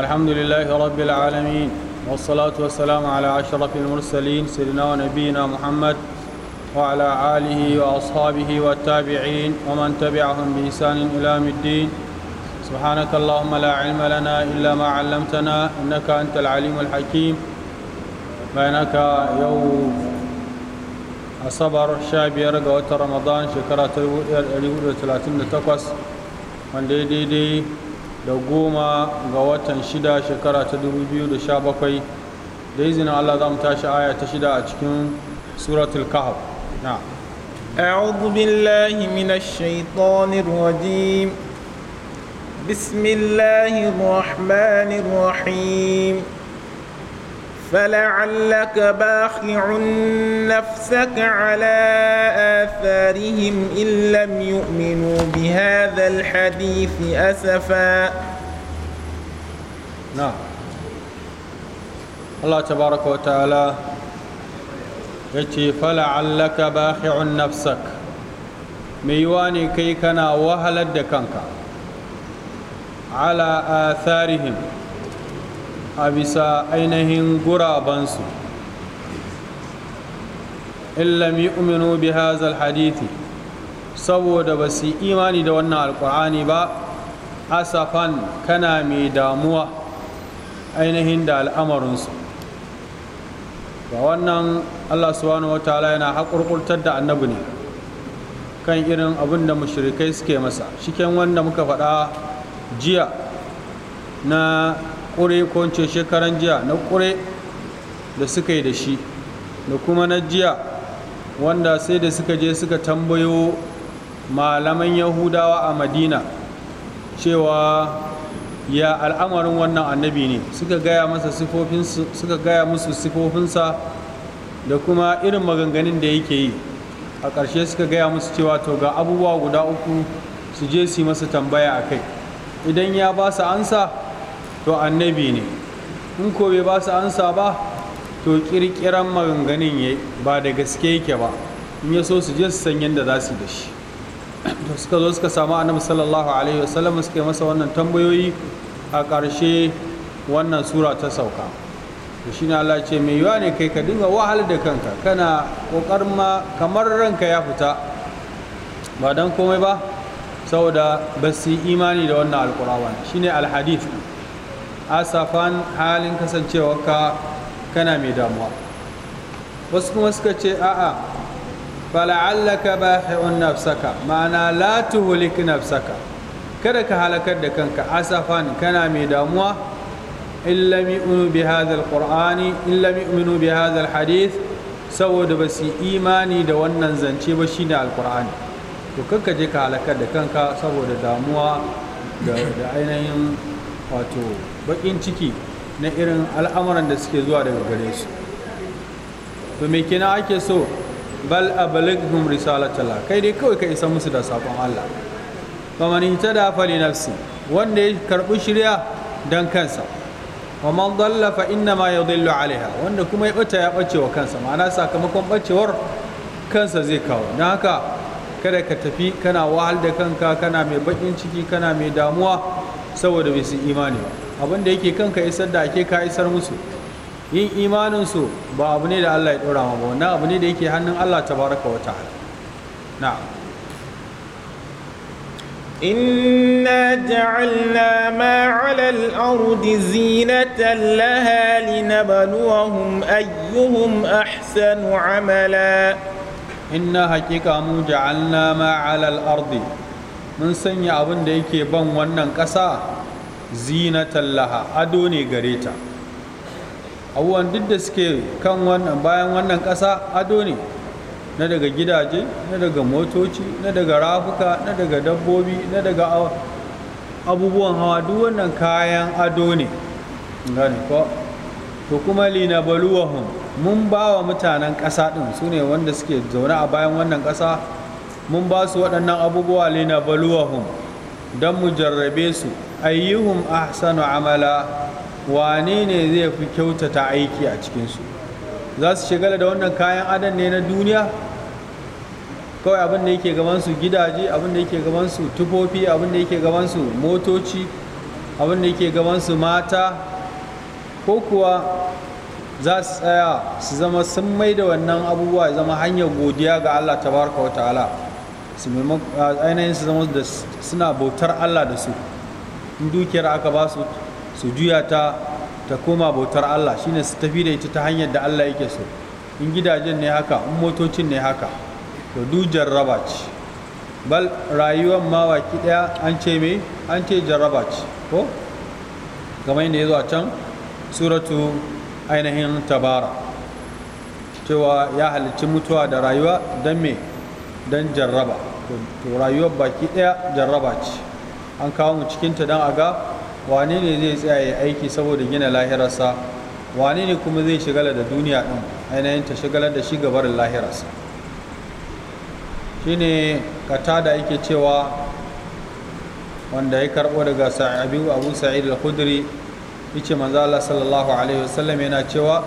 الحمد لله رب العالمين والصلاة والسلام على أشرف المرسلين سيدنا ونبينا محمد وعلى آله وأصحابه والتابعين ومن تبعهم بإحسان إلى يوم الدين سبحانك اللهم لا علم لنا إلا ما علمتنا إنك أنت العليم الحكيم بينك يوم asabar sha biyar ga watan ramadan shekara ta 1938 wanda ya daidai da goma ga watan shida shekara ta dubu biyu da sha bakwai dai zina Allah za mu tashi aya ta shida a cikin suratul kahf na a'udhu billahi minash shaitanir rajim bismillahir rahmanir rahim فلعلك باخع نفسك على آثارهم إن لم يؤمنوا بهذا الحديث أسفا نعم الله تبارك وتعالى يتي فلعلك باخع نفسك ميواني كيكنا وهلدكنك على آثارهم a bisa ainihin gurabansu illam yu'minu bi hazal hadithi saboda ba su imani da wannan alkur'ani ba asafan kana mai damuwa ainihin da al'amarinsu ba wannan allah subhanahu wa ta'ala yana haƙurƙurtar da annabi ne kan irin abin da mushrikai suke masa shiken wanda muka faɗa jiya na ƙure ko ce shekaran jiya na ƙure da suka yi da shi da kuma na jiya wanda sai da suka je suka tambayo malaman yahudawa a madina cewa ya al'amarin wannan annabi ne suka gaya suka gaya musu sifofinsa da kuma irin maganganun da yake yi a ƙarshe suka gaya musu cewa to ga abubuwa guda uku su je su yi masa tambaya a kai idan ya ba su ansa to annabi ne in ko bai ba su ansa ba to kirkiran maganganun ya ba da gaske yake ba in ya so su je su san yadda za su da shi to suka zo suka samu annabi sallallahu alaihi wasallam suka masa wannan tambayoyi a ƙarshe wannan sura ta sauka to shi ne Allah ce mai yiwa ne kai ka dinga wahal da kanka kana ƙoƙarin ma kamar ranka ya fita ba dan komai ba saboda ba su imani da wannan alƙur'ani shine alhadith asafan halin kasancewarka kana mai damuwa wasu kuma suka ce a'a fala'allaka bahi'un nafsaka ma'ana la hulik nafsaka kada ka halakar da kanka asafan kana mai damuwa in lam yu'minu bi hadha in lam saboda ba su imani da wannan zance ba shine alkur'ani to kanka je ka halakar da kanka saboda damuwa da ainihin wato bakin ciki na irin al'amuran da suke zuwa daga gare su to me kina ake so bal abalighum risalatallah kai dai kawai ka isa musu da sakon Allah da ihtada fali nafsi wanda ya karɓi shirya dan kansa wa man dalla fa inna ma yadhillu alaiha wanda kuma ya bata ya bace wa kansa ma'ana sakamakon bacewar kansa zai kawo dan haka kada ka tafi kana wahal da kanka kana mai bakin ciki kana mai damuwa saboda bai su imani ba abin da yake kanka isar da ake ka isar musu yin imanin su ba abu ne da Allah ya dora ma ba wannan abu ne da yake hannun Allah baraka wa ta'ala na'am إنا جعلنا ardi zinatan الأرض زينة ayyuhum, لنبلوهم أيهم أحسن عملا إنا حقيقة جعلنا ما على ardi. mun sanya abin da yake ban wannan ƙasa zina tallaha ado ne gare ta abubuwan duk da suke kan wannan bayan wannan ƙasa ado ne na daga gidaje na daga motoci na daga rafuka na daga dabbobi na daga abubuwan hawa duk wannan kayan ado ne gane ko to kuma linabaluwahum mun ba wa mutanen ƙasa ɗin su ne wanda suke zaune a bayan wannan ƙasa mun ba su waɗannan abubuwa lina baluwahum don mu jarrabe su ayyuhum ahsanu amala wane ne zai fi kyautata aiki a cikinsu za su shigala da wannan kayan adan ne na duniya kawai abin da yake gabansu gidaje abin da yake gabansu tufofi abin da yake gabansu motoci abin da yake gabansu mata ko kuwa za su tsaya su zama sun mai da wannan abubuwa zama hanyar godiya ga allah tabaraka wa ta'ala su ainihin su zama da suna bautar Allah da su in dukiyar aka ba su su juya ta ta koma bautar Allah shine su tafi da ita ta hanyar da Allah yake so in gidajen ne haka in motocin ne haka to du jarraba ce bal rayuwar mawaki daya an ce me an ce jarraba ce ko kamar yadda ya zo can suratu ainihin tabara cewa ya halicci mutuwa da rayuwa don me don jarraba to rayuwar baki ɗaya jarraba ce an kawo mu cikinta don a ga wane ne zai tsaya ya aiki saboda gina lahirarsa wane ne kuma zai shigala da duniya ɗin ainihin ta shigalar da shi gabarin lahirarsa shine kata da ake cewa wanda ya karɓo daga sa'abi abu sa'id al-khudri yace manzo Allah sallallahu alaihi wasallam yana cewa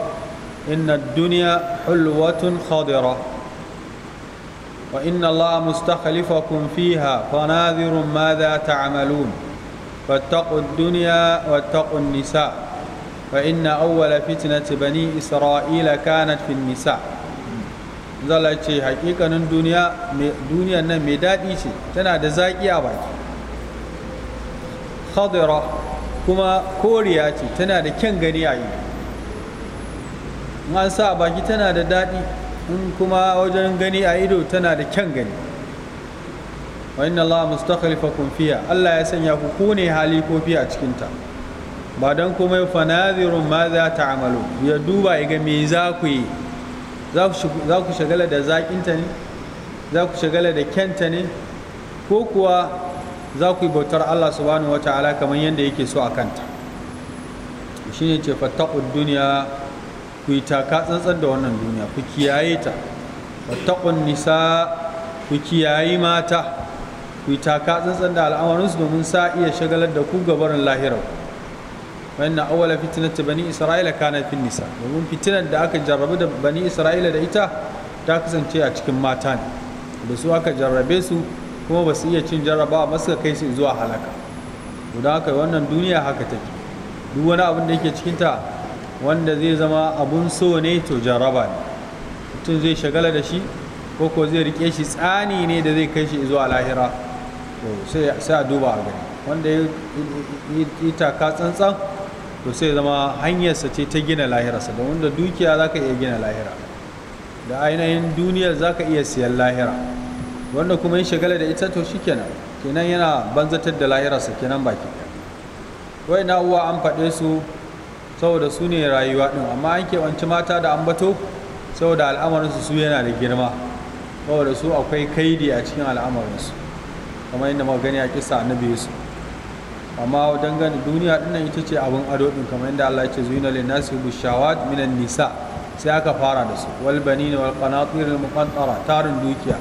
inna ad-dunya hulwatun khadira وإن الله مستخلفكم فيها فناذر ماذا تعملون فاتقوا الدنيا واتقوا النساء فإن أول فتنة بني إسرائيل كانت في النساء zala hakikanin duniya duniyan nan mai daɗi ce tana da zaƙi a baki khadira kuma koriya ce tana da kyan gani a yi an sa a baki tana da daɗi in kuma wajen gani a ido tana da kyan gani wa inna Allah mustakhlifakum fiha Allah ya sanya ku kone hali halifofi a cikin ta ba dan komai fanazirun ma za ta amalu ya duba ya ga me za ku yi za ku shagala da zaƙinta ne za ku shagala da kyanta ne ko kuwa za ku yi bautar Allah subhanahu ta'ala kamar yadda yake so a kanta shine ce fattaqud duniya ku yi taka tsantsan da wannan duniya ku kiyaye ta wattaqun nisa ku kiyaye mata ku yi taka tsantsan da al'amarinsu domin sa iya shagalar da ku gabarin lahirar wannan fitinar ta bani isra'ila kana fin nisa domin fitinar da aka jarrabu da bani isra'ila da ita ta kasance a cikin mata ne da su aka jarrabe su kuma ba su iya cin jarrabawa ba suka kai su zuwa halaka Guda haka wannan duniya haka take duk wani abin da yake cikinta wanda zai zama abun so ne to jaraba ne mutum zai shagala da shi ko ko zai rike shi tsani ne da zai kai shi zuwa lahira to sai a duba a gani wanda ya taka tsantsan to sai zama hanyarsa ce ta gina lahirarsa da wanda dukiya za ka iya gina lahira da ainihin duniyar za ka iya siyan lahira wanda kuma yin shagala da ita to shikenan kenan yana banzatar da lahirarsa kenan baki wai na uwa an faɗe su saboda su ne rayuwa ɗin amma an keɓanci mata da ambato saboda al'amarinsu su yana da girma saboda su akwai kaidi a cikin al'amarinsu kamar yadda muka gani a kisa annabi yusuf amma dangane duniya nan ita ce abin ado ɗin, kamar yadda Allah ya ce zuyina lin nasi bushawat minan nisa sai aka fara da su wal banina wal qanatir muqantara tarin dukiya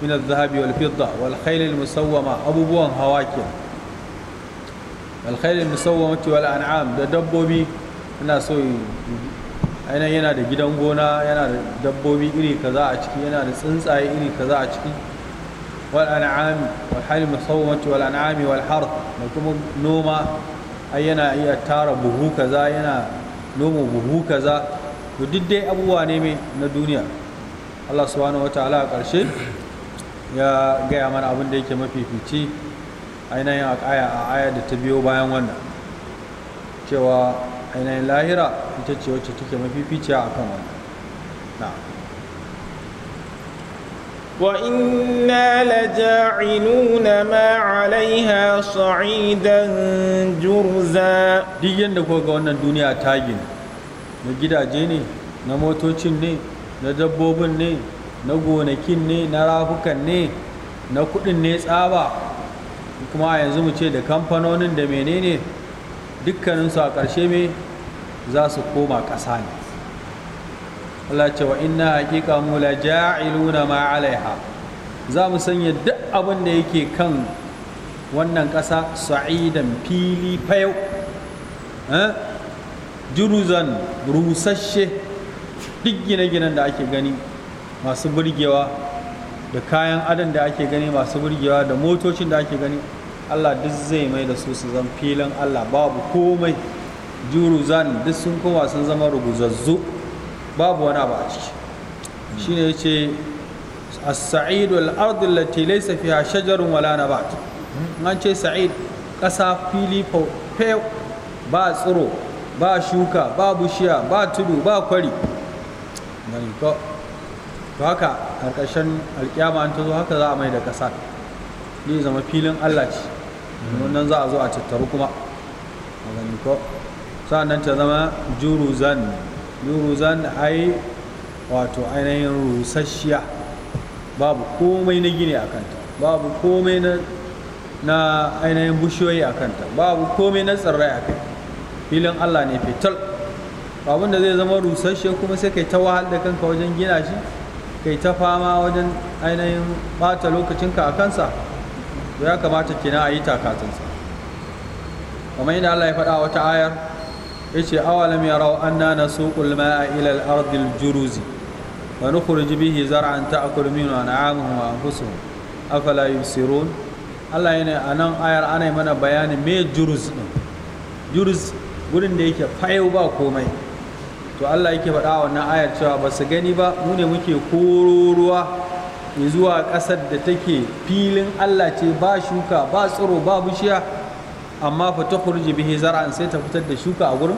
min zahabi wal fidda wal khayl musawwama abubuwan hawa wal khayl al musawwamati wal an'am da dabbobi ina so ainihin yana da gidan gona yana da dabbobi iri kaza a ciki yana da tsuntsaye iri kaza a ciki wal an'ami wal hal musawwati wal an'ami wal har da kuma noma ai yana iya tara buhu kaza yana noma buhu kaza to duk dai abubuwa ne mai na duniya Allah subhanahu wataala a ƙarshe ya gaya mana abin da yake mafifici ainihin a aya a aya da ta biyo bayan wannan cewa ainihin lahira ita ce wacce take mafificiya a kan wani nuna ma ما عليها صعيدا جرزا duk yadda kuka ga wannan duniya ta gina na gidaje ne na motocin ne na dabbobin ne na gonakin ne na rafukan ne na kudin ne tsaba kuma yanzu mu ce da kamfanonin da menene dukkaninsu a karshe mai za su koma ƙasa ne Allah ce wa inna haƙiƙa mu la ja'iluna ma alaiha za mu sanya duk abin da yake kan wannan ƙasa sa'idan fili fayau eh, juruzan rusasshe duk gine-ginen da ake gani masu burgewa da kayan adon da ake gani masu burgewa da motocin da ake gani Allah duk zai mai da su su zan filin Allah babu komai juruzan duk sun kowa sun zama rubuzazzu babu wani abu a ciki Shi ne ce a said al'adun ard allati laysa shajarun wala ta, an ce sa'id ƙasa fili fe ba tsiro ba shuka ba bushiya ba tudu ba kwari gani ko to haka karkashin alkiyama an zo haka za a mai da kasa ne zama filin Allah ce wannan za a zo a tattaru kuma gani ko nan ta zama juruzan juruzan ai wato ainihin rusasshiya babu komai na gini a kanta babu komai na ainihin bushiyoyi a kanta babu komai na tsirrai a kai filin allah ne fetal. abin da zai zama rusasshe kuma sai kai ta wahal da kanka wajen gina shi kai ta fama wajen ainihin bata lokacinka a kansa ya kamata kina a yi takatinsa kamar yadda allah ya faɗa wata ayar yace awalam yarau anna nasuqul ma'a ila al-ardi al-juruzi wa nukhrij bihi zar'an ta'kulu minhu an'amuhum wa anfusuhum afala yusirun Allah yana anan ayar ana mana bayanin me juruz din juruz gurin da yake fayo ba komai to Allah yake faɗa wannan ayar cewa ba su gani ba mu ne muke koro ruwa zuwa ƙasar da take filin Allah ce ba shuka ba tsiro ba bishiya amma fa ta kurji bihi zar'an sai ta fitar da shuka a gurin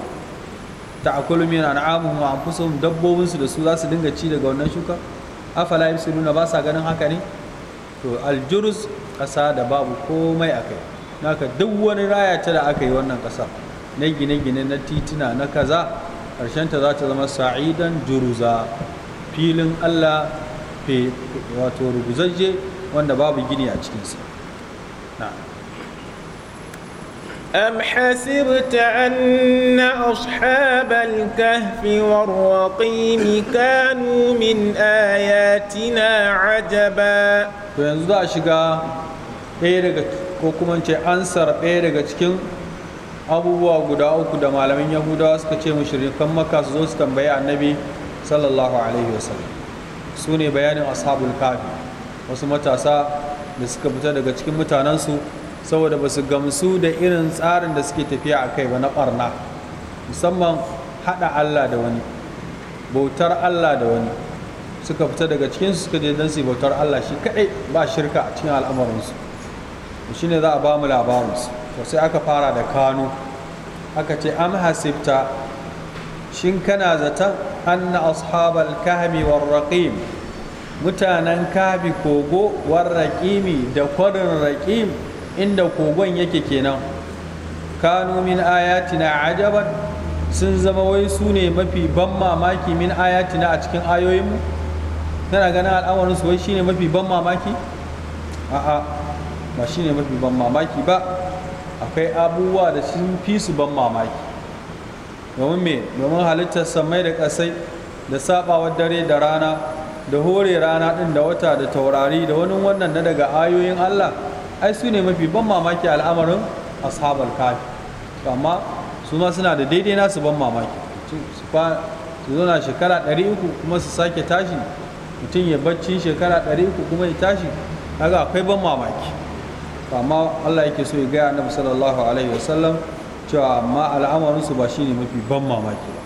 ta akulu min an'amuhum wa anfusuhum dabbobin su da su zasu dinga ci daga wannan shuka afala yusiruna ba sa ganin haka ne to aljurus kasa da babu komai akai naka duk wani raya ta da aka yi wannan kasa na gine-gine na titina na kaza karshen ta za ta zama sa'idan juruza filin Allah wato ruguzajje wanda babu gini a cikinsa na'am أم حسبت أن أصحاب الكهف والرقيم كانوا من آياتنا عجبا yanzu za a shiga ɗaya ce ansar ɗaya daga cikin abubuwa guda uku da malamin yahudawa suka ce mushrikan makka su zo su tambayi annabi sallallahu alaihi wasallam su ne bayanin ashabul kafi wasu matasa da suka fita daga cikin mutanensu saboda ba su gamsu da irin tsarin da suke tafiya a kai ba na ɓarna musamman haɗa allah da wani bautar allah da wani suka fita daga cikinsu suka je don su bautar allah shi kaɗai ba shirka a cikin al'amarinsu shi ne za a ba mu labarinsu to sai aka fara da kano aka ce am hasibta shin kana zaton anna ashabal kahmi war raqim mutanen kabi kogo war raqimi da kwarin raqim inda kogon yake kenan kanu min ayatina ajaban sun zama wai su ne mafi ban mamaki min ayatina a cikin ayoyinmu tana ganin al'amarin su wai shine mafi ban mamaki a'a ba shine mafi ban mamaki ba akwai abubuwa da sun fi su ban mamaki domin me domin halittar samai da kasai da sabawar dare da rana da hore rana din da wata da taurari da wani wannan na daga ayoyin Allah ai su ne mafi ban mamaki al'amarin ashabar kafi amma su ma suna da daidai nasu ban mamaki su na shekara 300 kuma su sake tashi mutum ya bacci shekara 300 kuma ya tashi kaga akwai ban mamaki amma Allah yake so ya gaya annabi sallallahu alaihi wasallam cewa amma al'amarin su ba shine mafi ban mamaki ba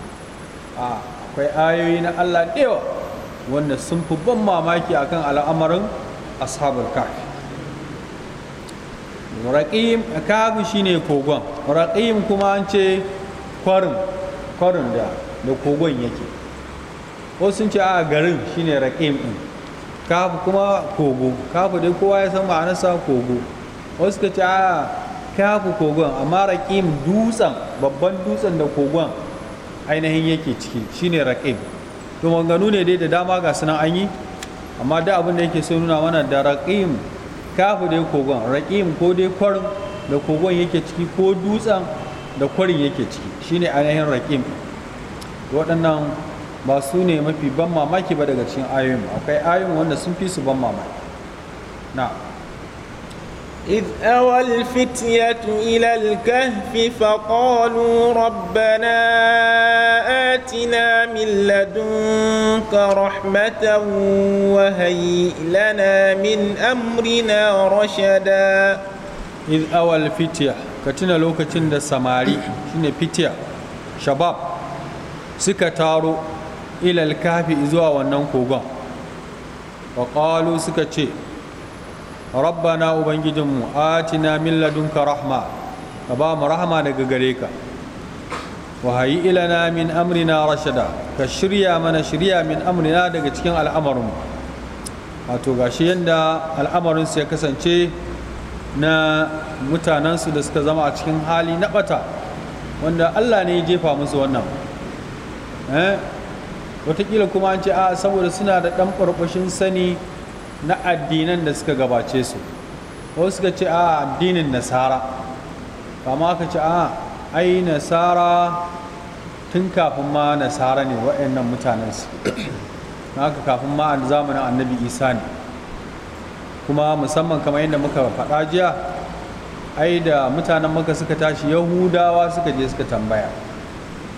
a akwai ayoyi na Allah da yawa wanda sun fi ban mamaki akan al'amarin ashabul kahfi raƙim kafin shine kogon raƙim kuma an ce kwarin kwarin da da kogon yake ko sun ce a garin shine raƙim ɗin kafin kuma kogo kafin dai kowa ya san ma'anarsa kogo wasu ka ce a kafu kogon amma raƙim dutsen babban dutsen da kogon ainihin yake ciki shine raƙim to maganganu ne dai da dama ga sunan an yi amma da abin da yake so nuna mana da raƙim kafu dai kogon raƙim ko dai kwarin da kogon yake ciki ko dutsen da kwarin yake ciki shine ainihin raƙim waɗannan ba su ne mafi ban mamaki ba daga cikin ayoyin akwai ayoyin wanda sun fi su ban mamaki na إذ أوى الفتية إلى الكهف فقالوا ربنا آتنا من لدنك رحمة وهيئ لنا من أمرنا رشدا إذ أوى الفتية كتنا لو كتنا سماري شنو فتية شباب سكتارو إلى الكهف إذوا وننكوغا وقالوا سكتشي rabbana ubangijinmu atina min ladunka rahma ka ba mu rahma daga gare ka wa hayi ilana min amrina rashada ka shirya mana shirya min amrina daga cikin al'amarin wato gashi yadda al'amarin su ya kasance na mutanensu da suka zama a cikin hali na bata wanda Allah ne ya jefa musu wannan eh? Wataƙila kuma an ce a saboda suna da ɗan ɓarɓashin sani na addinan da suka gabace su ko suka ce a addinin nasara ma ka ce a ai nasara tun kafin ma nasara ne waɗannan mutanen su haka kafin ma zamanin annabi isa ne kuma musamman kamar yadda muka faɗa jiya ai da mutanen maka suka tashi yahudawa suka je suka tambaya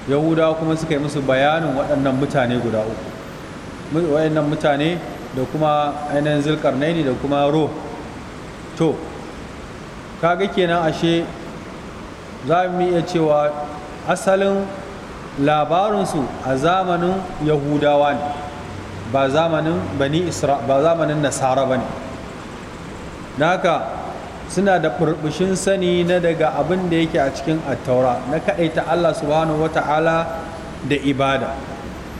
yahudawa kuma suka yi musu bayanin waɗannan mutane guda uku waɗannan mutane da kuma ainihin zulkarnaini da kuma ro to kaga kenan ashe za mu iya cewa asalin labarinsu a zamanin yahudawa ne ba zamanin bani isra ba zamanin nasara ba ne haka suna da burbushin sani na daga abin da yake a cikin attaura na kaɗaita allah subhanahu wata'ala da ibada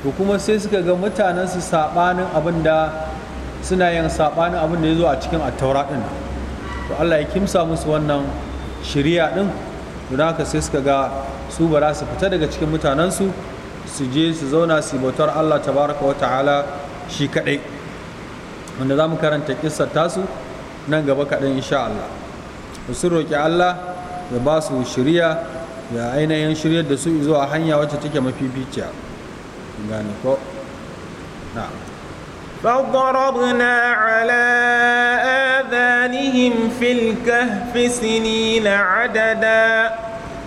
to kuma sai suka ga mutanen su sabanin abin da suna yin sabanin abin da ya zo a cikin attaura din to Allah ya kimsa musu wannan shirya din don haka sai suka ga su ba su fita daga cikin mutanen su su je su zauna su bautar Allah tabaraka wa ta'ala shi kadai wanda za mu karanta kissar tasu nan gaba kaɗan insha Allah su roƙi Allah ya ba su shirya ya ainihin shiryar da su zuwa hanya wacce take mafificiya gane ko na'am فضربنا على آذانهم في الكهف سنين عددا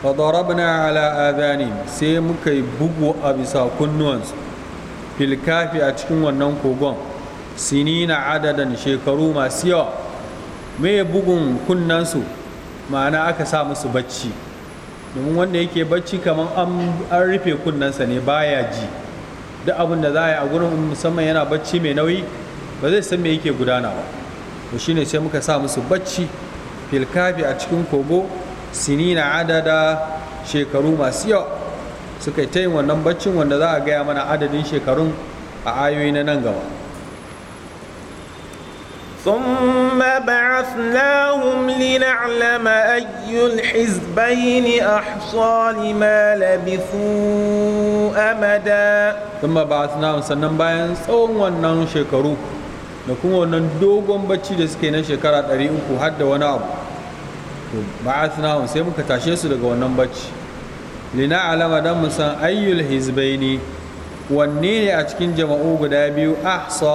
فضربنا على آذانهم a بغو أبسا كنوانس في الكهف أتكون ونن كوغون سنين عددا شيكرو ما bugun kunnansu ma'ana aka sa musu bacci domin wanda yake bacci kamar an rufe kunnansa ne baya ji duk abin da za a yi a gurin musamman yana bacci mai nauyi ba zai san me yake gudana ba to ne sai muka sa musu bacci filkafi a cikin kogo sinina adada shekaru masu yawa suka yi ta yin wannan baccin wanda za a gaya mana adadin shekarun a ayoyi na nan gaba ثم بعثناهم لنعلم أي الحزبين أحصى لما لبثوا أمدا ثم بعثناهم sannan bayan tsawon wannan shekaru da kuma wannan dogon bacci da suke na shekara 300 har da wani abu to ba'athnahum sai muka tashe su daga wannan bacci lina alama dan mu san ayyul hizbaini wanne ne a cikin jama'u guda biyu ahsa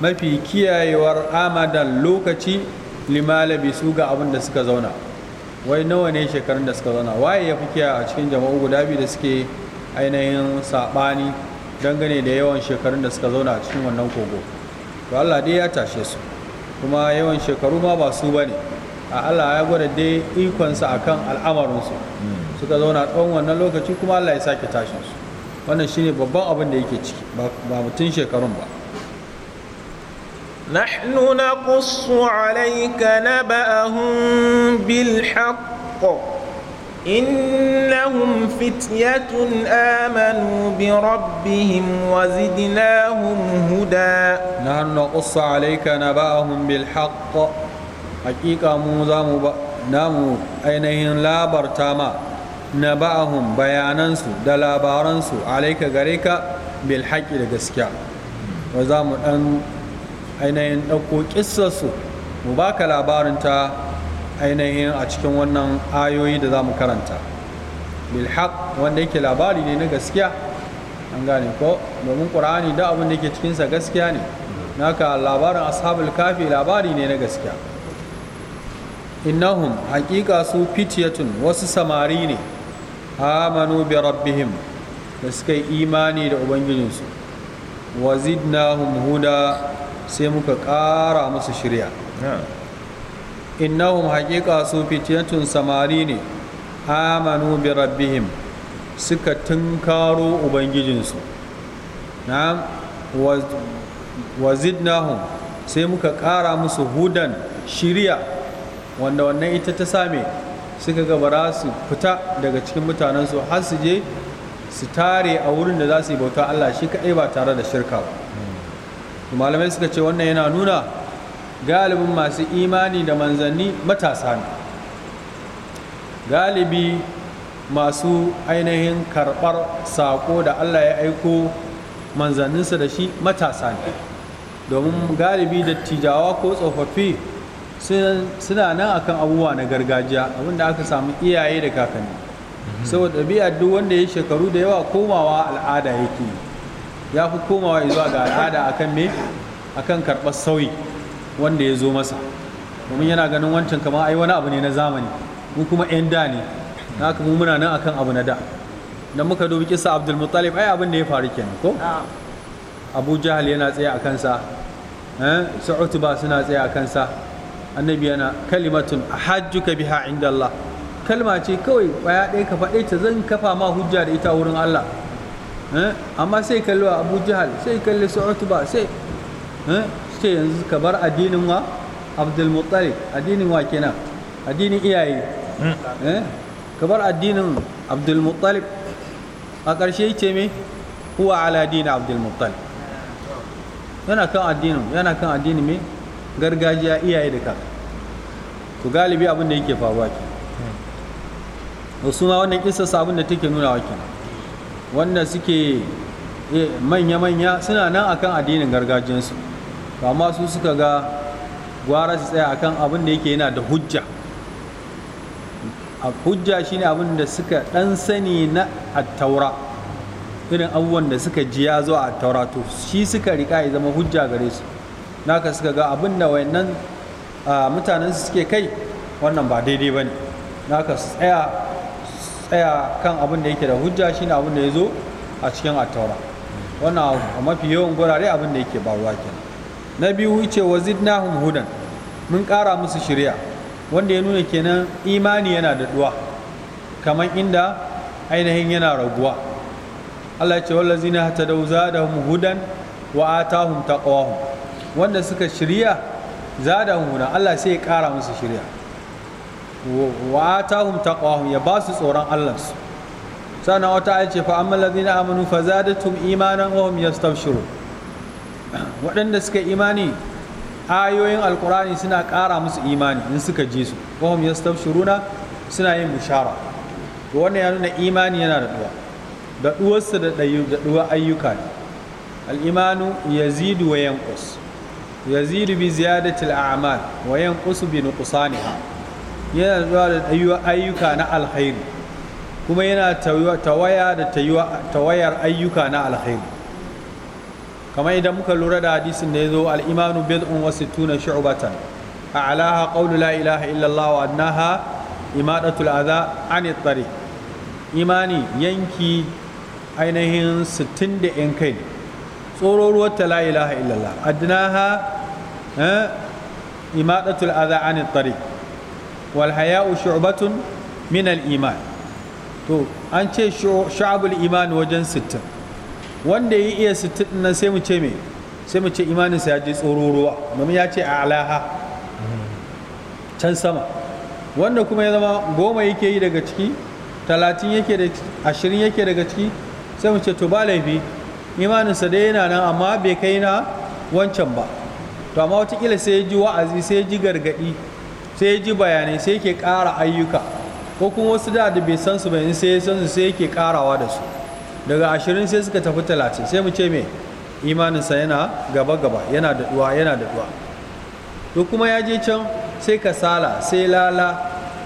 mafi kiyayewar amadan lokaci limalabi su ga abin da suka zauna wai nawa ne shekarun da suka zauna waye ya fi kiya a cikin jama'u guda biyu da suke ainihin saɓani dangane da yawan shekarun da suka zauna a cikin wannan kogo to allah dai ya tashe su kuma yawan shekaru ma ba su ba ne a allah ya gwada dai ikonsa a kan al'amarinsu suka zauna tsawon wannan lokaci kuma allah ya sake tashin su wannan shine babban abin da yake ciki ba mutum shekarun ba نحن نقص عليك نبأهم بالحق إنهم فتية آمنوا بربهم وزدناهم هدى نحن نقص عليك نبأهم بالحق حقيقة موزا مب... نامو أينهن لا برتاما نبأهم بيانانسو دلابارانسو عليك غريك بالحق لغسكا وزامو أن ainihin ɗauko ƙisarsu mu baka labarinta ainihin a cikin wannan ayoyi da za mu karanta bilhaq wanda yake labari ne na gaskiya an gane ko domin ƙur'ani da abin da yake cikinsa gaskiya ne naka labarin ashabul kafi labari ne na gaskiya innahum haƙiƙa su fitiyatun wasu samari ne amanu bi rabbihim da suka yi imani da ubangijinsu wazidnahum huda sai muka ƙara musu shirya innahum haƙiƙa su fitiyatun samari ne amanu bi rabbihim suka tunkaro ubangijinsu na'am wazidnahum sai muka ƙara musu hudan shirya wanda wannan ita ta same suka gabara su fita daga cikin mutanensu har su je su tare a wurin da za su yi bauta Allah shi kaɗai ba tare da shirka ba malamai suka ce wannan yana nuna galibin masu imani da manzanni matasa ne galibi masu ainihin karɓar sako da allah ya aiko manzanninsa da shi matasa ne domin galibi dattijawa ko tsofaffi suna nan akan abubuwa na gargajiya abinda aka samu iyaye da kakanni mhm. saboda ɗabi'ar duk wanda ya shekaru da yawa komawa al'ada yake yi ya fi komawa zuwa ga al'ada akan me akan karɓar sauyi wanda ya zo masa domin yana ganin wancan kama ai wani abu ne na zamani mu kuma 'yan da ne na haka mu muna nan akan abu na da dan muka dubi kisa abdul muttalib ai abin da ya faru kenan ko ah. abu jahal yana tsaye a kansa eh? su ba suna tsaye a kansa annabi yana kalimatun hajjuka biha inda allah kalma ce kawai baya ɗaya ka faɗe ta zan kafa ma hujja da ita wurin allah Eh? amma sai kalli wa abu jihal sai kalli su utuba sai ce eh? yanzu ka bar addinin wa abdulmuttalib addinin wa kenan addinin iyaye hmm. eh? ka bar addinin abdulmuttalib a ƙarshe ce me huwa ala dini abdulmuttalib yana kan addinin yana kan addinin me gargajiya iyaye da ka to galibi abin da yake faruwa ke wasu hmm. ma wannan kisa sabon da take nuna wa kenan wanda suke eh, manya-manya suna nan akan addinin gargajiyarsu amma su suka ga gwara su tsaya akan abin da yake yana da hujja hujja shine abin da suka dan sani na attaura irin abubuwan da suka ji ya zo a attaura to shi suka rika ya zama hujja gare su naka suka ga abin da wayannan ah, mutanen su suke kai wannan ba daidai ba ne naka su tsaya tsaya kan abin da yake da hujja shine abin da ya zo a cikin attaura wannan a mafi yawan gurare abin da yake baruwa ke na biyu ce wa zidnahum hudan mun ƙara musu shirya. wanda ya nuna kenan imani yana da duwa kamar inda ainihin yana raguwa Allah ya ce za da hun hudan wa atahum taqwahum wanda suka shirya zada hudan Allah sai ya ƙara musu shirya. wa atahum taqwahum ya ba su tsoron Allah su sannan wata ayat ce fa ammal ladina amanu fa zadatum imanan wa hum yastabshirun waɗanda suka imani ayoyin Alƙurani suna ƙara musu imani in suka ji su wa hum yastabshiruna suna yin bushara to wannan ya nuna imani yana da duwa da da duwa ayyuka ne al-imanu yazidu wa yanqus yazidu bi ziyadati al-a'mal wa yanqusu bi nuqsaniha yana zuwa da ayyuka na alkhairi kuma yana tawaya da tawayar ayyuka na alkhairi kamar idan muka lura da hadisin da ya zo al'imanu bid'un wasu tuna shu'batan a alaha qawlu la ilaha illallah wa annaha imadatul adha an tare imani yanki ainihin 60 da yan kai tsororuwar ta la ilaha illallah adnaha eh, imadatul adha an tare wal haya'u shu'batun min al iman to an ce shu'abul iman wajen sittin wanda ya iya sittin nan sai mu ce me sai mu ce imaninsa ya ji tsoro domin ya ce a alaha can sama wanda kuma ya zama goma yake yi daga ciki talatin yake da ashirin yake daga ciki sai mu ce to ba laifi imaninsa dai yana nan amma bai kai na wancan ba to amma watakila sai ya ji wa'azi sai ya ji gargadi. sai ji bayanai sai ke ƙara ayyuka ko kuma wasu da da bai san su bayan sai san su sai ke ƙarawa da su daga ashirin sai suka tafi talatin sai mu ce me imaninsa yana gaba gaba yana da duwa yana da duwa to kuma ya je can sai kasala sai lala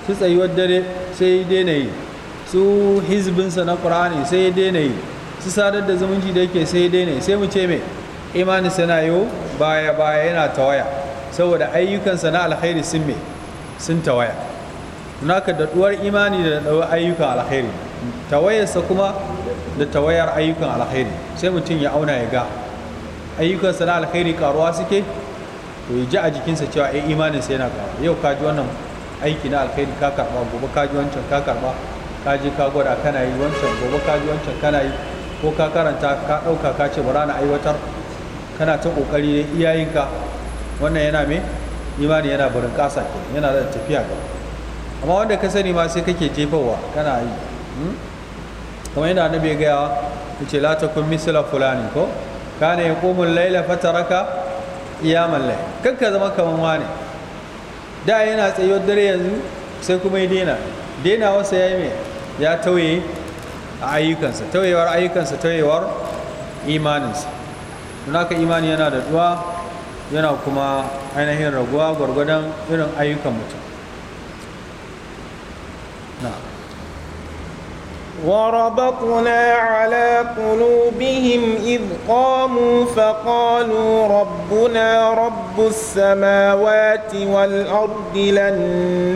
su tsayuwar dare sai ya daina yi su hizbinsa na ƙur'ani sai ya daina yi su sadar da zumunci da yake sai ya daina yi sai mu ce mai imaninsa na yau baya baya yana tawaya saboda ayyukansa na alkhairi sun mai sun tawaya hunaka ka daɗuwar imani da daɗuwar ayyukan alkhairi tawayarsa kuma da tawayar ayyukan alkhairi sai mutum ya auna ya ga ayyukansa na alkhairi karuwa suke to ya ji a jikinsa cewa eh, imanin sai yana karuwa yau ka ji wannan aiki na alkhairi ka karba gobe ka ji wancan ka karba ka je ka gwada kana yi wancan gobe ka ji wancan kana yi ko ka karanta ka ɗauka ka ce ba rana aiwatar kana ta ƙoƙari ne iyayenka wannan yana mai. imani yana barin kasa ke yana da tafiya ga amma wanda ka sani ma sai kake jefarwa kana yi hmm? kamar yana nabi ya gaya ya ce lata kun misila fulani ko ne ya al-laila fataraka qiyamal layl kanka zama kaman wani da yana tsayo dare yanzu sai kuma ya dena dena wasa yi mai ya tauye a ayyukansa tauyewar ayyukansa tauyewar imaninsa don haka imani yana da duwa yana kuma ainihin raguwa gwargwadon irin ayyukan mutum na وربطنا على قلوبهم إذ قاموا فقالوا ربنا رب السماوات والأرض لن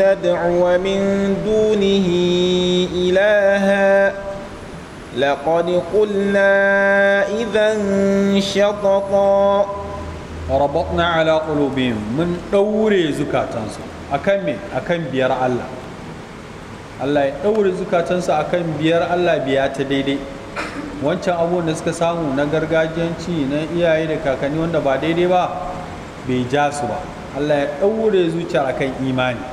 ندعو من دونه إلها لقد قلنا إذا انشططا rabatna ala qulubihim mun daure zukatansu akan me biyar Allah Allah ya daure zukatansu akan biyar Allah biya ta daidai wancan abubuwan da suka samu na gargajiyanci na iyaye da kakanni wanda ba daidai ba bai ja su ba Allah ya daure zuciyar akan imani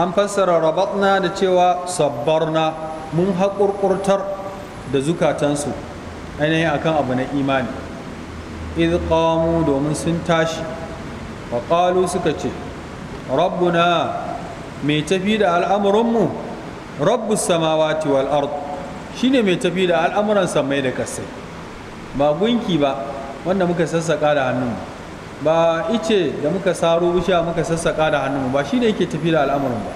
an fassara rabatna da cewa sabbarna mun haƙurƙurtar da zukatansu ainihin akan abu na imani idh qamu domin sun tashi wa suka ce rabbuna mai tafi da al'amuranmu rabbus samawati wal ard shine mai tafi da al'amuran samai da kasai ba gunki ba wanda muka sassaƙa da hannunmu ba ice da muka saro bisha muka sassaƙa da hannunmu ba shine yake tafi da al'amuran ba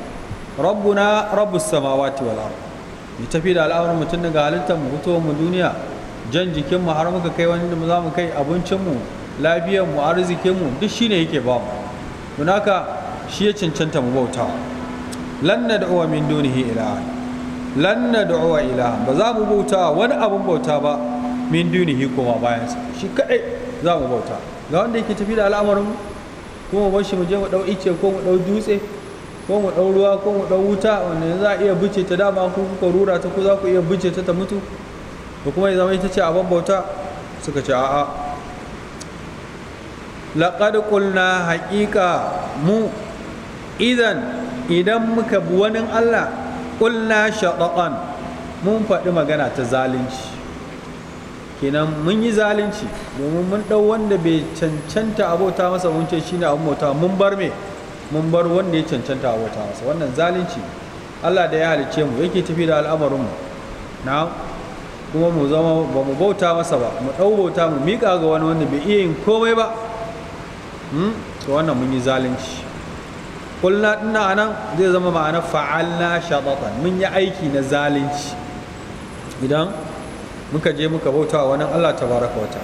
rabbuna rabbus samawati wal ard mai tafi da al'amuran tun daga halittar mu fitowar mu duniya jan jikinmu har muka kai wani da za mu kai abincinmu lafiyarmu arzikinmu duk shine yake ba mu don haka shi ya cancanta mu bauta lan nad'uwa min dunihi ilaha lan ilaha ba za mu bauta wani abun bauta ba min dunihi kuma bayan shi kadai za mu bauta ga wanda yake tafi da al'amarin kuma ko mu bar shi mu je mu dau ice ko mu ɗau dutse ko mu dau ruwa ko mu dau wuta wanda za a iya bice ta dama ko kuka rura ta ko za ku iya bice ta ta mutu ko kuma ya zama ita ce abin bauta suka ce a'a lakadi ƙulna haƙiƙa mu idan idan muka bi wani Allah ƙulna shaɗaɗan mun faɗi magana ta zalunci kenan mun yi zalunci domin mun ɗau wanda bai cancanta abota masa mun ce shine abin bauta mun bar me mun bar wanda ya cancanta abota masa wannan zalunci Allah da ya halicce mu yake tafi da al'amarin mu na'am kuma mu zama ba mu bauta masa ba mu ɗau bauta mu miƙa ga wani wanda bai iya yin komai ba hmm? to wannan mun yi zalunci kulna a nan, zai zama ma'ana na shaɗaɗa mun yi aiki na zalunci idan muka je muka bauta wani Allah ta baraka wata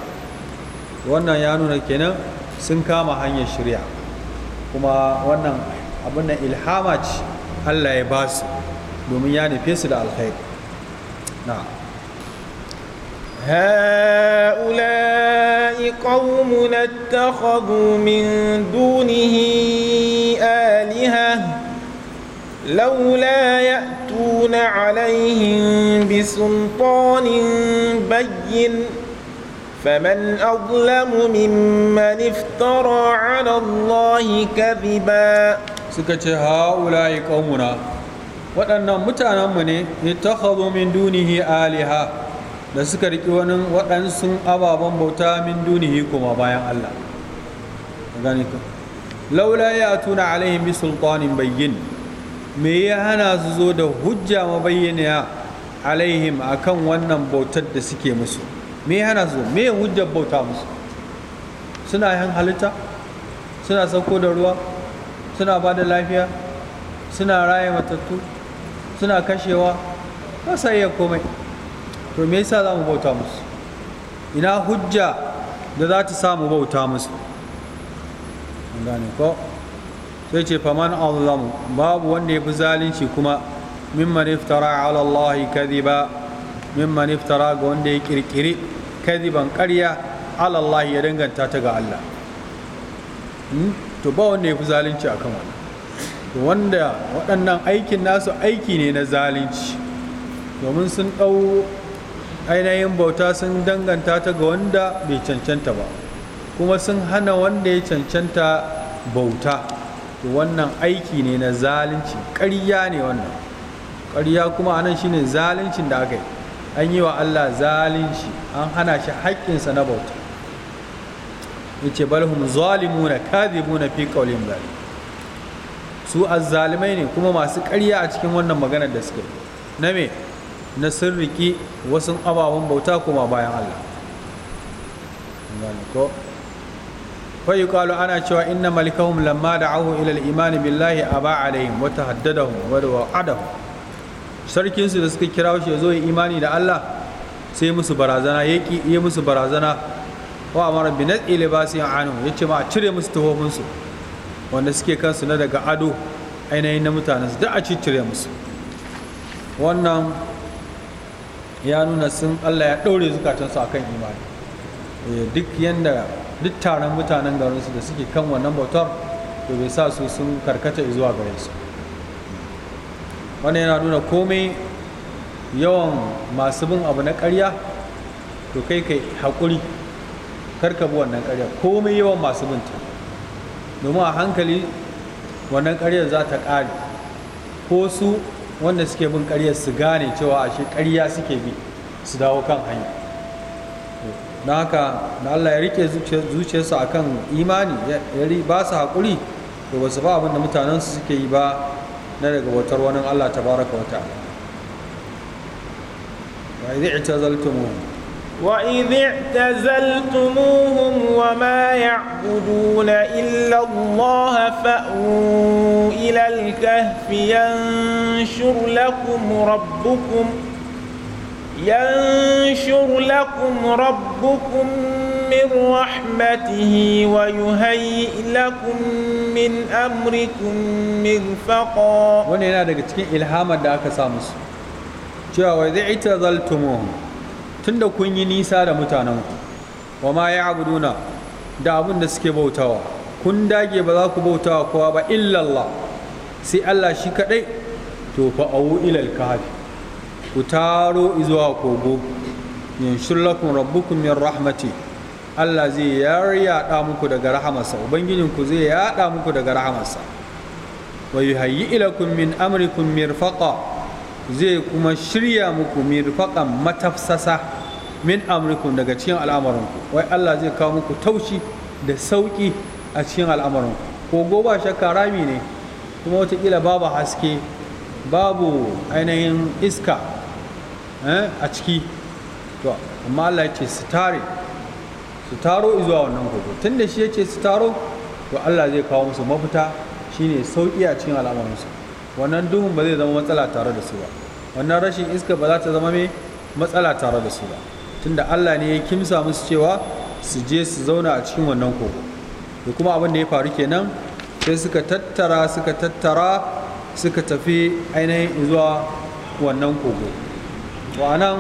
wannan ya nuna kenan sun kama hanyar shirya kuma wannan abin da ilhama ce Allah ya ba su domin ya nufe su da alkhairi na'am هؤلاء قوم اتخذوا من دونه آلهة لولا يأتون عليهم بسلطان بين فمن أظلم ممن افترى على الله كذبا سكت هؤلاء قومنا وأن متعنا من اتخذوا من دونه آلهة da suka riƙi wani waɗansu ababen bauta min dunihi kuma bayan Allah laula ya tuna alaihim bi sultanin bayyin me ya hana su zo da hujja mabayyaniya alaihim akan wannan bautar da suke musu me ya hana su me hujjar bauta musu suna yan halitta suna sauko da ruwa suna ba da lafiya suna raya matattu suna kashewa ba iya komai to me yasa za mu bauta musu ina hujja da za ta samu bauta musu gane ko sai ce faman azlamu babu wanda ya fi zalunci kuma mimman iftara ala Allah kadhiba mimman iftara ga wanda ya kirkiri kadiban ƙarya ala Allah ya danganta ta ga Allah hmm? to ba wanda ya fi zalunci a wannan wanda waɗannan aikin nasu aiki ne na zalunci domin sun ɗau ainihin bauta sun danganta ta ga wanda bai cancanta ba kuma sun hana wanda ya cancanta bauta wannan aiki ne na zalunci ƙarya ne wannan ƙarya kuma anan shine zaluncin da aka yi an yi wa Allah zalunci an hana shi haƙƙinsa na bauta yace balhum zalimuna na fi kaulin bari su azzalimai ne kuma masu karya a cikin wannan maganar da suke na me na sun wasu ababen bauta kuma bayan Allah fayu kalu ana cewa inna malikahum lamma da'ahu ila al imani billahi aba alaihim wa tahaddadahum wa wa'adahum sarkin su da suka kira shi zo yi imani da Allah sai musu barazana yaki yi musu barazana wa amara bi naz'i libasihim anhu yace ma a cire musu tuhofin su wanda suke kansu na daga ado ainihin na mutanen su da a cire musu wannan ya nuna sun Allah ya ɗaure zukatansu a kan imani eh, duk yadda duk taron mutanen garinsu da suke kan wannan bautar to bai sa su sun karkata zuwa gare su wannan yana nuna komai yawan masu bin abu na ƙarya to kai kai haƙuri karka bi wannan karya komai yawan masu bin ta domin a hankali wannan ƙaryar za ta ƙare ko su wanda suke bin ƙaryar su gane cewa ashe ƙarya suke bi su dawo kan hanya don haka da Allah ya rike zuciyarsu a kan imani ya ba su haƙuri da ba ba abinda mutanensu suke yi ba na daga bautar wani Allah ta baraka ta'ala wa ita i'tazaltumuhum وإذ اعتزلتموهم وما يعبدون إلا الله فأووا إلى الكهف ينشر لكم ربكم ينشر لكم ربكم من رحمته ويهيئ لكم من أمركم مرفقا ونحن هذا كتكين إلهاما دا أكسامس جاء وإذ اعتزلتموهم tunda kun yi nisa da mutanenku wa ma ya abuduna da abin da suke bautawa kun dage ba za ku bautawa kowa ba illallah sai Allah shi kaɗai to fa awu ilal kahfi ku taro zuwa kogo yanshur lakum rabbukum min rahmati Allah zai yaɗa muku daga rahamarsa ubangijinku zai yaɗa muku daga rahamarsa wa yuhayyi ilakum min amrikum mirfaqa zai kuma shirya muku mirfaƙan matafsasa min amurku daga cikin al'amuranku wai Allah zai kawo muku taushi da sauƙi a cikin al'amuranku ko goba shakka rami ne kuma watakila babu haske babu ainihin iska eh, a ciki to amma Allah ya ce su tare su taro zuwa wannan gobe. tun da shi ya ce su taro to Allah zai kawo musu mafita shine sauƙi a cikin al'amuransu wannan duhun ba zai zama matsala tare da su ba wannan rashin iska ba za ta zama mai matsala tare da su ba tunda Allah ne ya kimsa musu cewa su je su zauna a cikin wannan kogo da kuma abin da ya faru kenan sai suka tattara suka tattara suka tafi ainihin zuwa wannan kogo wa'anan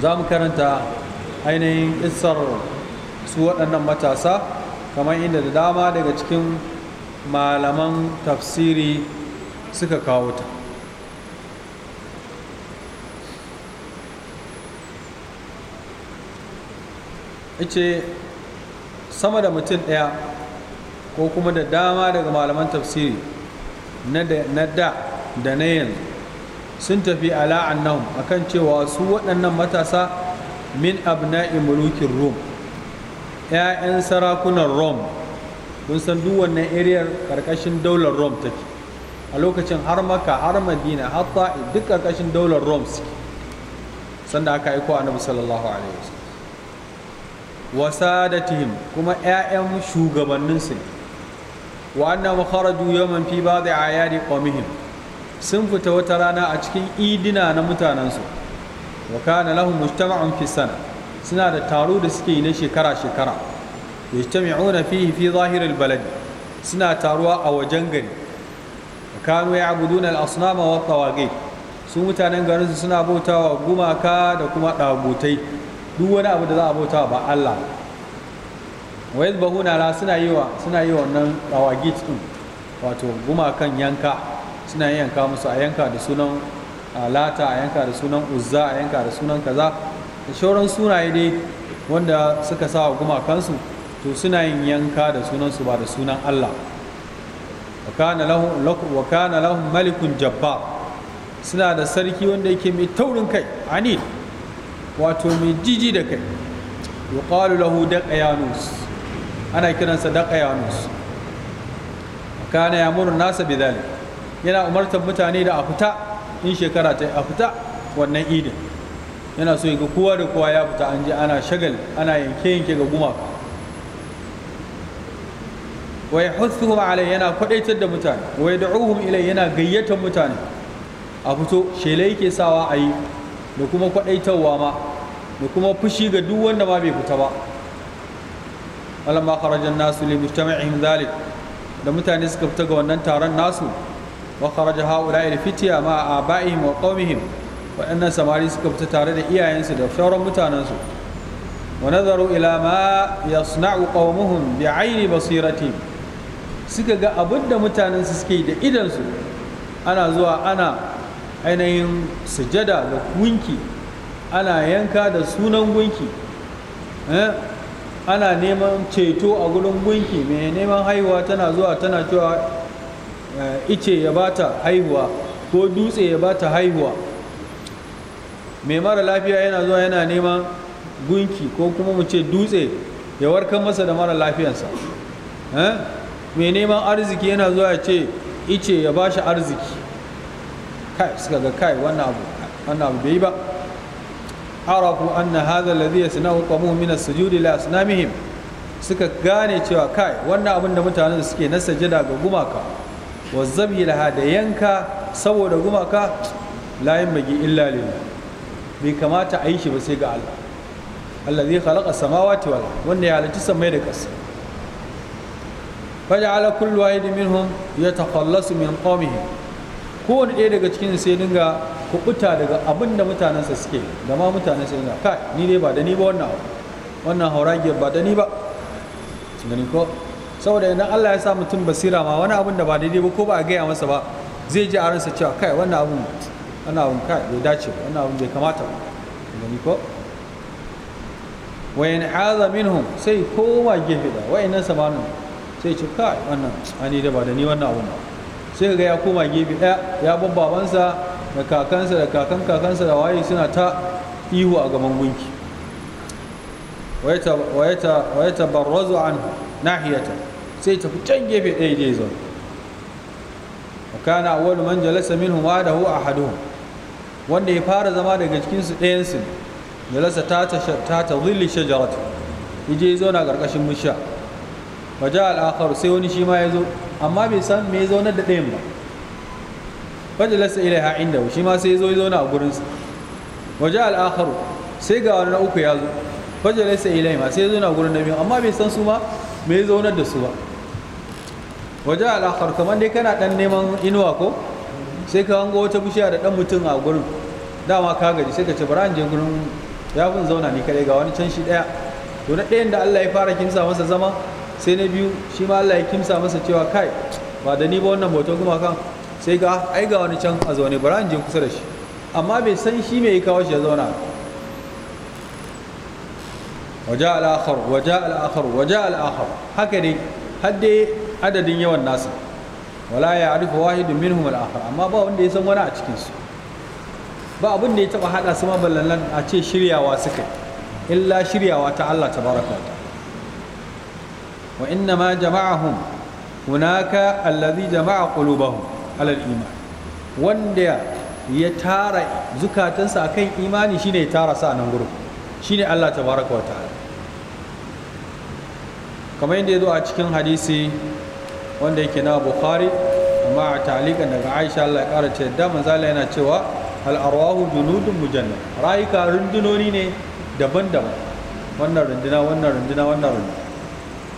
za mu karanta ainihin isar su waɗannan matasa kamar inda da dama daga cikin malaman tafsiri suka kawo ta ce sama da mutum ɗaya ko kuma da dama daga malaman tafsiri na da da na yanzu sun tafi ala a kan cewa su waɗannan matasa min abna'i mulukin rom 'ya'yan sarakunan rom kun san duk wannan ariyar ƙarƙashin daular rom take a lokacin har maka har madina har duk ƙarƙashin daular rome suke sanda aka aiko annabi sallallahu alaihi wasadatihim kuma 'ya'yan shugabanninsu ne wa annam kharaju yawman fi ba'd ayadi qawmihim sun fita wata rana a cikin idina na mutanensu wa kana lahum mujtama'un fi sana suna da taro da suke yi na shekara shekara yajtami'una fihi fi zahiril baladi suna taruwa a wajen gari kanu ya abuduna al'asunama wa tawage su mutanen garinsu suna bautawa gumaka da kuma ɗagutai duk wani abu da za a bautawa ba Allah wa bahuna la suna yi wa suna yi wannan tawagit cikin wato gumakan yanka suna yanka musu a yanka da sunan lata a yanka da sunan uzza a yanka da sunan kaza da shauran sunaye dai wanda suka sa wa gumakansu to suna yin yanka da sunansu ba da sunan Allah wa kana lahum malikun jabba suna da sarki wanda yake mai taurin kai anil wato mai jiji da kai yuqalu lahu daqayanus ana kiransa daqayanus kana yamurun nasa bidhalik yana umartar mutane da a fita in shekara ta a fita wannan idin yana so ga kowa da kowa ya fita an ji ana shagal ana yanke yanke ga gumaka wa yahuthuhum alai yana kwadaitar da mutane wa yad'uhum ilai yana gayyatar mutane a fito shela yake sawa a yi da kuma kwadaitarwa ma da kuma fushi ga duk wanda ma bai fita ba alamma kharajan nasu li mujtama'ihim dhalik da mutane suka fita ga wannan taron nasu wa kharaja haula'i fitya ma abaihim wa qaumihim waɗannan samari suka fita tare da iyayensu da sauran mutanensu wa nazaru ila ma yasna'u qaumuhum bi aini basirati. suka ga abin da mutanensu suke yi da idansu ana zuwa ana ainihin sujada da gunki ana yanka da sunan gunki eh, ana neman ceto a gurin gunki mai neman haihuwa tana zuwa tana cewa eh, ice ya bata haihuwa ko dutse ya bata haihuwa mai mara lafiya yana zuwa yana neman gunki ko kuma mu ce dutse ya warkar masa da mara lafiyansa eh. mai neman arziki yana zuwa ya ce ice ya ba shi arziki kai suka ga kai wannan abu bai abu ba arafu anna hadha alladhi yasnahu qamuhum min as-sujudi li asnamihim suka gane cewa kai wannan abin da mutanen suke na sajada ga gumaka wa zabhi laha da yanka saboda gumaka Layin magi illa bai kamata a yi shi ba sai ga Allah zai khalaqa samawati wal wanda ya halicci samai da ƙasa faja'ala kullu wahid minhum yatakhallasu min qawmihi kowane ɗaya daga cikin sai dinga kubuta daga abin da mutanensa suke da ma mutanen sai dinga kai ni dai ba da ni ba wannan wannan hauragiyar ba da ni ba gani ko saboda idan Allah ya sa mutum basira ma wani abin da ba daidai ba ko ba a gaya masa ba zai ji a ransa cewa kai wannan abin wannan abin kai bai dace ba wannan abin bai kamata ba gani ko wa haza minhum sai kowa gefe da wayannan samanin sai ce kai wannan ani da ba da ni wannan abun ba sai ga ya koma gefe ɗaya ya bar babansa da kakansa da kakan kakansa da waye suna ta ihu a gaban gunki wa ya tabarrazu an nahiyata sai tafi can gefe ɗaya dai zo wa kana awwalu man jalasa minhum adahu ahaduhum wanda ya fara zama daga cikin su ɗayan su jalasa ta ta ta zilli shajaratu yaje zo na karkashin musha waje al'akharu sai wani shi ma ya zo amma bai san me ya zaunar da ɗayan ba ila ha inda shi ma sai ya zo ya zauna a gurinsa waje al'akharu sai ga wani na uku ya zo lasa ila ma sai ya zauna a gurin na biyu amma bai san su ma me ya zaunar da su ba waje al'akharu kamar dai kana ɗan neman inuwa ko sai ka hango wata bishiya da ɗan mutum a gurin dama ka gaji sai ka ce bari an je gurin ya fin zauna ni kadai ga wani can shi ɗaya to na ɗayan da Allah ya fara kimsa masa zama sai na biyu shi ma Allah ya kimsa masa cewa kai ba da ni ba wannan hoton kuma kan sai ga ai ga wani can a zaune bara in kusa da shi amma bai san shi mai kawo shi ya zauna waja al'akhar waja al'akhar waja al'akhar haka dai har dai adadin yawan nasa wala ya arifa wahidun minhum al'akhar amma ba wanda ya san wani a cikin su ba abin da ya taba hada su ma ballan a ce shiryawa suka illa shiryawa ta Allah tabaraka wa wa inna ma jama'ahum hunaka allazi jama'a qulubahum alal iman wanda ya tara zukatansa akan imani shine ya tara sa nan gurin shine Allah tabaraka wa ta'ala kamar yadda ya zo a cikin hadisi wanda yake na bukhari amma a talikan daga aisha allah ya ce da manzala yana cewa al'arwahu junudun mujanna rayuka rundunoni ne daban-daban wannan wannan wannan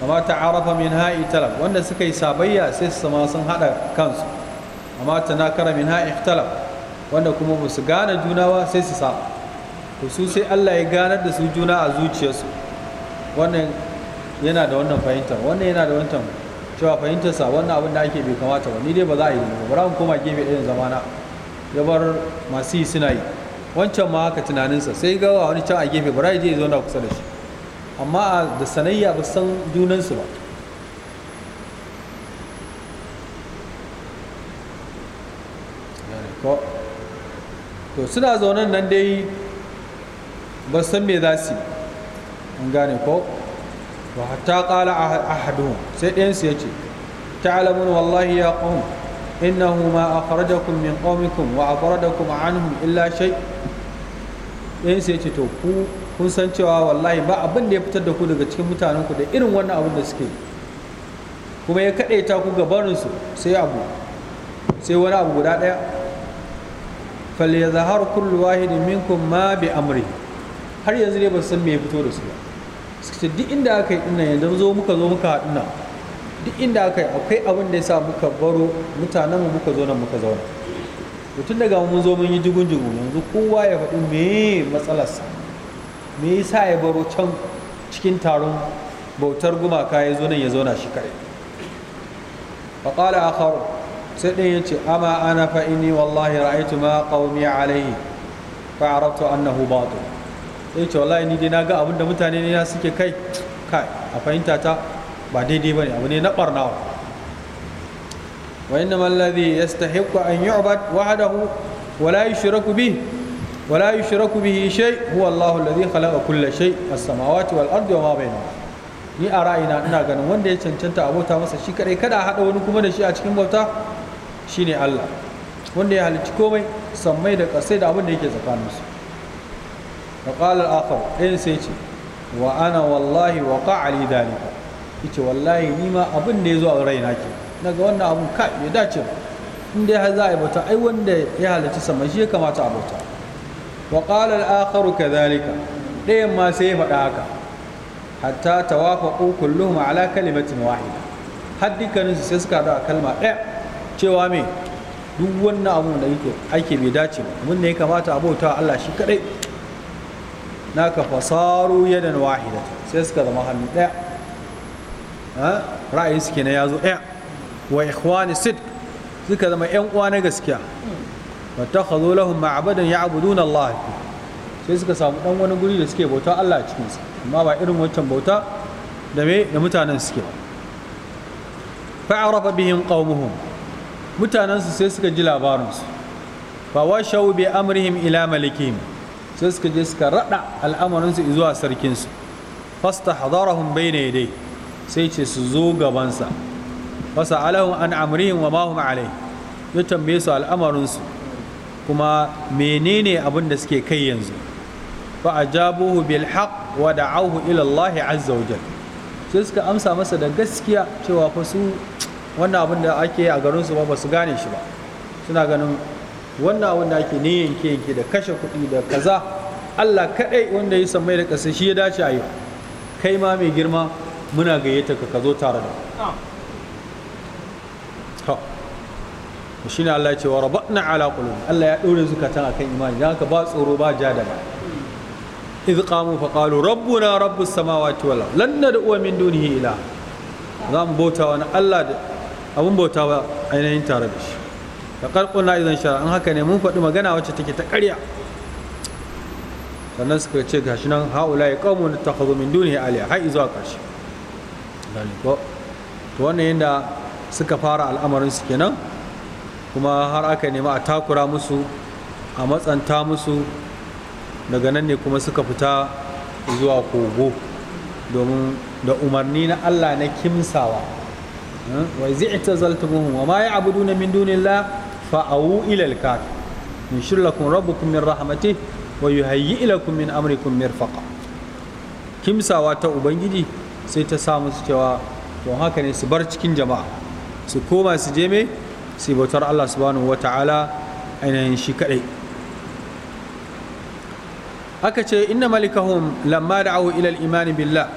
amma arafa min ha'i talab wanda suka yi sabayya sai su sama sun haɗa kansu amma kara min ha'i talab wanda kuma ba su gane juna ba sai su saba to su sai Allah ya ganar da su juna a zuciyarsu wannan yana da wannan fahimtar wannan yana da wannan cewa fahimtarsa wannan abin da ake bai kamata ba ni dai ba za a yi ba bara mu koma gefe ɗayan zamana ya bar masu yi suna yi wancan ma haka tunaninsa sai gawa wani can a gefe bara ya je ya zauna kusa da shi amma da sanayya ba san junansu ba to suna zaune nan dai ba san me za su an gane ko wa hatta qala ahadu sai ɗayansu ya ce ta'lamun wallahi ya qawm innahu ma akhrajakum min qawmikum wa akhrajakum anhum illa shay ɗayansu ya ce to ku kun san cewa wallahi ba abin da ya fitar da ku daga cikin mutanenku da irin wannan abin da suke kuma ya ta ku gabarinsu sai abu sai wani abu guda ɗaya falyazahar kullu wahidin minkum ma bi amri har yanzu ne ba san me ya fito da su ba suka ce duk inda aka yi dinnan yanzu zo muka zo muka haɗu nan duk inda aka yi akwai abin da ya sa muka baro mutanen mu muka zo nan muka zauna tun daga mun zo mun yi jigun jigun yanzu kowa ya faɗi me matsalarsa me sa ya baro can cikin taron bautar gumaka ya zo nan ya zauna shi kare faƙala akharu sai ɗin ya ce ama ana fa wallahi ra'aytu ma qaumi alaihi fa arabtu annahu batu. sai ce wallahi ni dai na ga abinda mutane ne suke kai kai a fahimta ta ba daidai bane abu ne na barnawa wa inna man ladhi an yu'bad wahdahu wa la yushraku bihi ولا يشرك به شيء هو الله الذي خلق كل شيء السماوات والأرض وما بينهما ni a raina ina ganin wanda ya cancanta abota masa shi kadai kada a haɗa wani kuma da shi a cikin bauta shine Allah wanda ya halicci komai sammai da kasai da abin da yake tsakaninsu wa qala al-akhar ɗayan sai ce wa ana wallahi wa qa'ali dalika yace wallahi ni ma abin da yazo a raina ke naga wannan abun ka ya dace in dai har za a yi bauta ai wanda ya halicci sammai shi ya kamata a bauta wa qala al-akharu kadhalika ɗayan ma sai ya faɗa haka hatta tawafaqu kulluhum ala kalimatin wahida har dukkanin su sai suka haɗu a kalma ɗaya cewa me duk wannan abu da yake bai dace ba mun ne ya kamata a bauta Allah shi kadai naka fasaru yadan wahida sai suka zama hannu ɗaya ra'ayi suke na yazo ɗaya wa ikhwani sidq suka zama yan uwa na gaskiya wattakhadhu lahum ma'badan ya'buduna Allah sai suka samu dan wani guri da suke bauta Allah a cikin sa amma ba irin wancan bauta da me da mutanen suke ba fa'arafa bihim qaumuhum mutanen su sai suka ji labarin su fa washaw bi amrihim ila malikihim sai suka je suka rada al'amarin su zuwa sarkin su fastahdarahum bayna yadayhi sai ce su zo gabansa fasa alahun an amrihim wa mahum alai ya tambaye su al'amarinsu kuma menene abin da suke kai yanzu fa ajabuhu bil haqq wa da'awhu ila Allah azza wajal sai suka amsa masa da gaskiya cewa fa su wannan abin da ake a garin su ba ba su gane shi ba suna ganin wannan abin da ake ne yanke da kashe kuɗi da kaza Allah kaɗai wanda ya san mai da kasa shi ya dace a yau kai ma mai girma muna gayyata ka ka zo tare da mu shine Allah ya ce wa rabatna ala qulub Allah ya dore zukatan akan imani dan haka ba tsoro ba ja da ba iz qamu fa qalu rabbuna rabbus samawati wal ard lan nad'u min dunihi ila za bota wani Allah da abun bauta ba ainihin tare da shi da karkuna idan shara an haka ne mun faɗi magana wacce take ta ƙarya sannan suka ce gashi nan haula ya kawo mun takhadhu min dunihi aliya har zuwa ƙarshe to wannan yanda suka fara al'amarin su kenan kuma har aka nema a takura musu a matsanta musu daga nan ne kuma suka fita zuwa kogo domin da umarni na Allah na kimsawa hmm? wa zi'ta zaltumuhum wa ma ya'buduna min dunillah fa awu ila al-kaf min shirlakum rabbukum min rahmatihi wa yuhayyi lakum min amrikum mirfaqa kimsawa ta ubangiji sai ta samu su cewa don haka ne su bar cikin jama'a su koma su je mai sai bautar Allah subhanahu wata'ala ainihin shi kadai aka ce inna malikahum lamma da'awu ila al-iman billah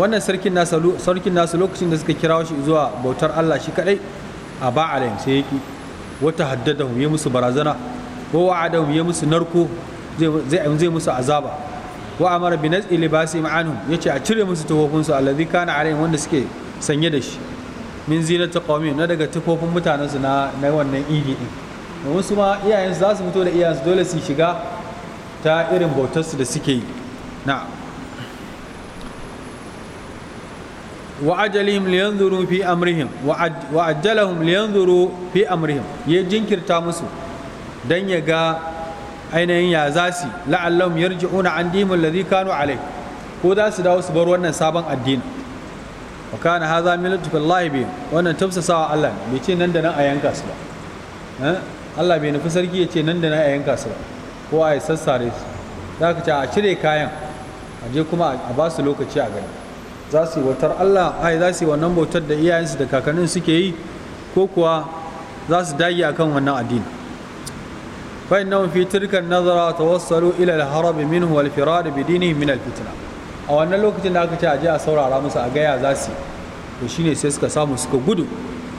wannan sarkin nasu sarkin nasu lokacin da suka kirawo shi zuwa bautar Allah shi kadai a ba alayhim sai yaki wata haddadahum ya musu barazana wa wa'adahum ya musu narko zai zai musu azaba wa amara bi naz'i libasihim anhum yace a cire musu tufofinsu alladhi kana alayhim wanda suke sanye da shi min ta qawmi na daga tufofin mutanen su na wannan idi din domin su ma iyayen su za su fito da iyayen su dole su shiga ta irin bautar su da suke yi na wa liyanzuru fi amrihim liyanzuru fi amrihim ya jinkirta musu dan ya ga ainihin ya za su la'allahum yarji'una an dimul ladhi kanu alai ko za su dawo su bar wannan sabon addinin wa kana hadha min lutfillahi bi wannan tafsasawa Allah bai ce nan da nan a yanka su ba eh? Allah bai nufi sarki ya ce nan da nan a yanka su ba ko a sassare su za ka ce a cire kayan a je kuma a ba su lokaci a gani za su yi Allah ai za su yi wannan bautar da iyayensu da kakannin suke yi ko kuwa za su dage akan wannan addini فإنهم في تلك النظرة توصلوا إلى الهرب منه da بدينهم من الفتنة a wannan lokacin da aka ce a je a saurara musu a gaya za su to shine sai suka samu suka gudu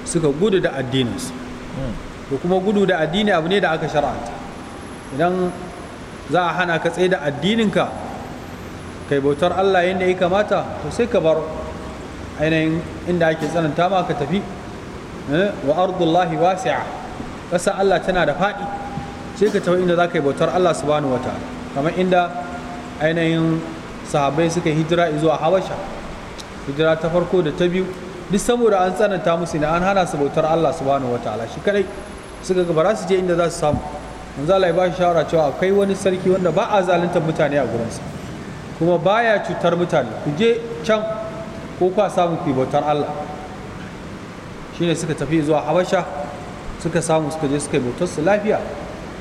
suka gudu da addininsu hmm. to kuma gudu da addini abu ne da aka shara'anta idan za a hana ka tsaye da addininka kai bautar Allah yadda ya kamata to sai ka bar ainihin inda ake tsananta ma ka tafi eh, wa ardullahi wasi'a ƙasa Allah tana da faɗi sai ka tafi inda za ka yi bautar Allah subhanahu wa ta'ala kamar inda ainihin sahabai suka yi hijira zuwa habasha hijira ta farko da ta biyu duk saboda an tsananta musu ne an hana su bautar Allah subhanahu wataala shi kadai suka ga ba su je inda za su samu manzo Allah ya ba shi shawara cewa akwai wani sarki wanda ba a zaluntar mutane a gurinsa kuma baya cutar mutane ku je can ko kwa samu ku bautar Allah shine suka tafi zuwa Habasha suka samu suka je suka bautar su lafiya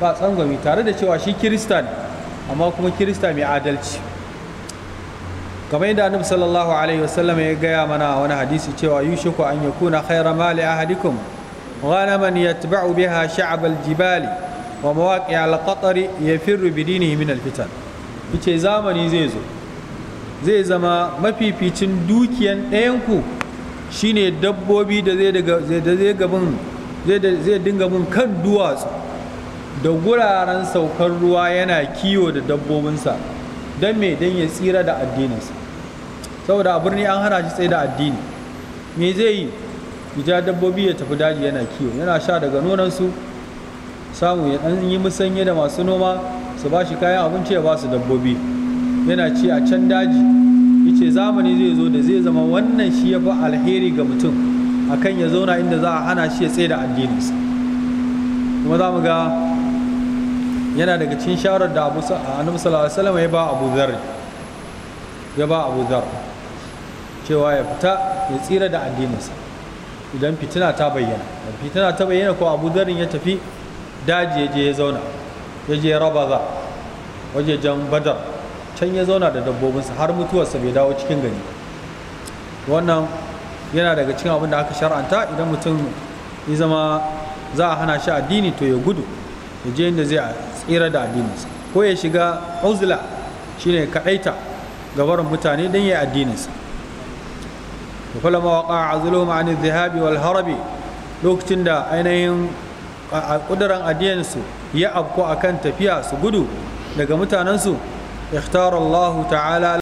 ba tsangwami tare da cewa shi kirista ne amma kuma kirista mai adalci kamar yadda annabi sallallahu alaihi wasallam ya gaya mana wani hadisi cewa yushiku an yakuna khayra mali ahadikum ghanaman yatba'u biha sha'ab al-jibali wa mawaqi' al-qatar yafirru bi dinihi min fitan yace zamani zai zo zai zama mafificin dukiyan ɗayan ku shine dabbobi da zai daga zai zai dinga bin kan duwatsu da guraren saukar ruwa yana kiwo da dabbobinsa don me don ya tsira da addininsa saboda a birni an hana shi tsaye da addini me zai yi ya dabbobi ya tafi daji yana kiwo yana sha daga nonansu samu ya dan yi musanye da masu noma su ba shi kayan abinci ya ba su dabbobi yana ci a can daji ce zamani zai zo da zai zama wannan shi ya fi alheri ga mutum akan ya zauna inda za a hana shi ya tsaye da addininsa kuma za mu ga yana daga cikin shawarar da annabi sallallahu alaihi wasallam ya ba abu zar ya ba abu zar cewa ya fita ya tsira da addininsa idan fitina ta bayyana idan fitina ta bayyana ko abu zarin ya tafi daji ya je ya zauna ya je raba za wajejen badar can ya zauna da dabbobinsa har mutuwarsa bai dawo cikin gari wannan yana daga cikin abin da aka shar'anta idan mutum ya zama za a hana shi addini to ya gudu ya je inda zai tsira da addininsa ko ya shiga uzla shine kaɗaita gabarin mutane don ya yi addininsa da falama waƙa a zulum an zihabi wal harabi lokacin da ainihin ƙuduran su ya afko akan tafiya su gudu daga mutanensu ikhtar Allah ta'ala